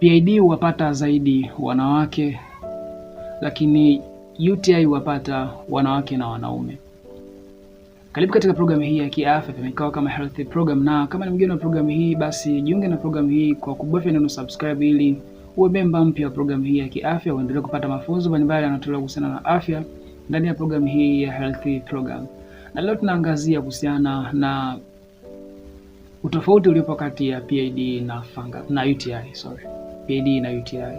PID huwapata zaidi wanawake, lakini UTI huwapata wanawake na wanaume. Karibu katika programu hii ya kiafya pamekawa kama health program, na kama ni mgeni wa programu hii, basi jiunge na programu hii kwa kubofya neno subscribe ili uwe memba mpya wa programu hii ya kiafya, uendelee kupata mafunzo mbalimbali yanayotolewa kuhusiana na afya ndani ya programu hii ya health program. Na leo tunaangazia kuhusiana na utofauti uliopo kati ya PID na fanga, na UTI sorry. PID na UTI.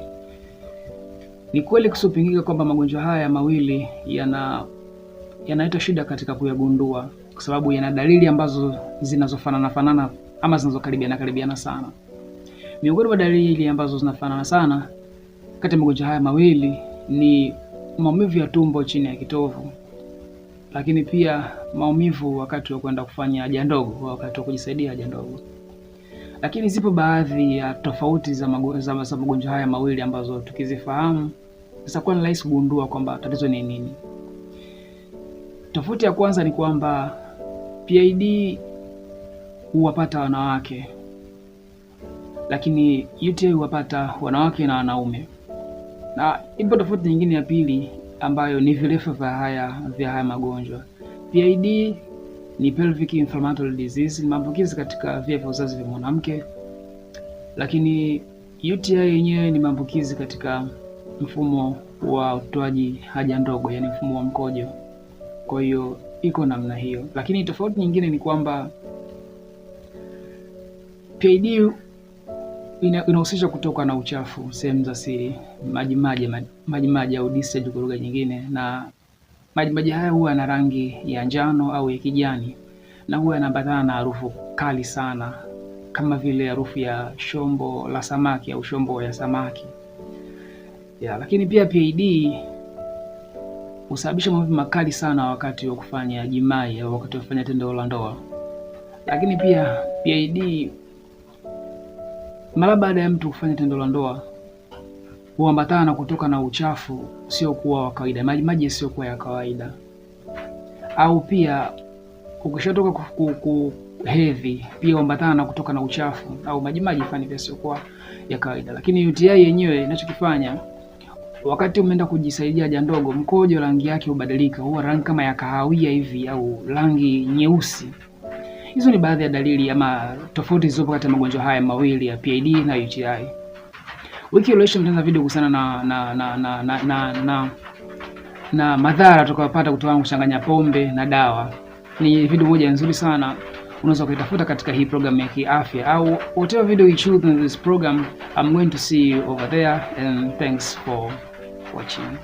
Ni kweli kusipingika kwamba magonjwa haya mawili yana yanaleta shida katika kuyagundua, kwa sababu yana dalili ambazo zinazofanana fanana ama zinazokaribiana karibiana sana. Miongoni mwa dalili ambazo zinafanana sana kati ya magonjwa haya mawili ni maumivu ya tumbo chini ya kitovu, lakini pia maumivu wakati wa kwenda kufanya haja ndogo, wakati wa kujisaidia haja ndogo. Lakini zipo baadhi ya tofauti za magonjwa haya mawili ambazo tukizifahamu zitakuwa ni rahisi kugundua kwamba tatizo ni nini. Tofauti ya kwanza ni kwamba PID huwapata wanawake, lakini UTI huwapata wanawake na wanaume. Na ipo tofauti nyingine ya pili ambayo ni virefu vya haya vya haya magonjwa. PID ni pelvic inflammatory disease, ni maambukizi katika via vya uzazi vya mwanamke, lakini UTI yenyewe ni maambukizi katika mfumo wa utoaji haja ndogo, yani mfumo wa mkojo. Kwa hiyo iko namna hiyo, lakini tofauti nyingine ni kwamba PID inahusisha kutoka na uchafu sehemu za siri, majimaji majimaji au discharge kwa lugha nyingine, na Majimaji haya huwa yana rangi ya njano au ya kijani na huwa yanaambatana na harufu kali sana, kama vile harufu ya shombo la samaki au shombo ya samaki ya, lakini pia PID husababisha maumivu makali sana wakati wa kufanya jimai au wakati wa kufanya tendo la ndoa. Lakini pia PID mara baada ya mtu kufanya tendo la ndoa huambatana na kutoka na uchafu usiokuwa wa kawaida, maji maji yasiyokuwa ya kawaida. Au pia ukishatoka kuhedhi, pia huambatana na kutoka na uchafu au maji maji fani yasiyokuwa ya kawaida. Lakini UTI yenyewe inachokifanya wakati umeenda kujisaidia haja ndogo, mkojo rangi yake hubadilika, huwa rangi kama ya kahawia hivi au rangi nyeusi. Hizo ni baadhi ya dalili ama tofauti zilizopo kati ya magonjwa haya mawili ya PID na UTI. Wiki iliyoisha nilianza video kuhusiana na na na na na, na, na, na madhara tutakayopata kutokana kuchanganya pombe na dawa. Ni video moja nzuri sana unaweza kuitafuta katika hii program ya kiafya au whatever video you choose in this program. I'm going to see you over there and thanks for watching.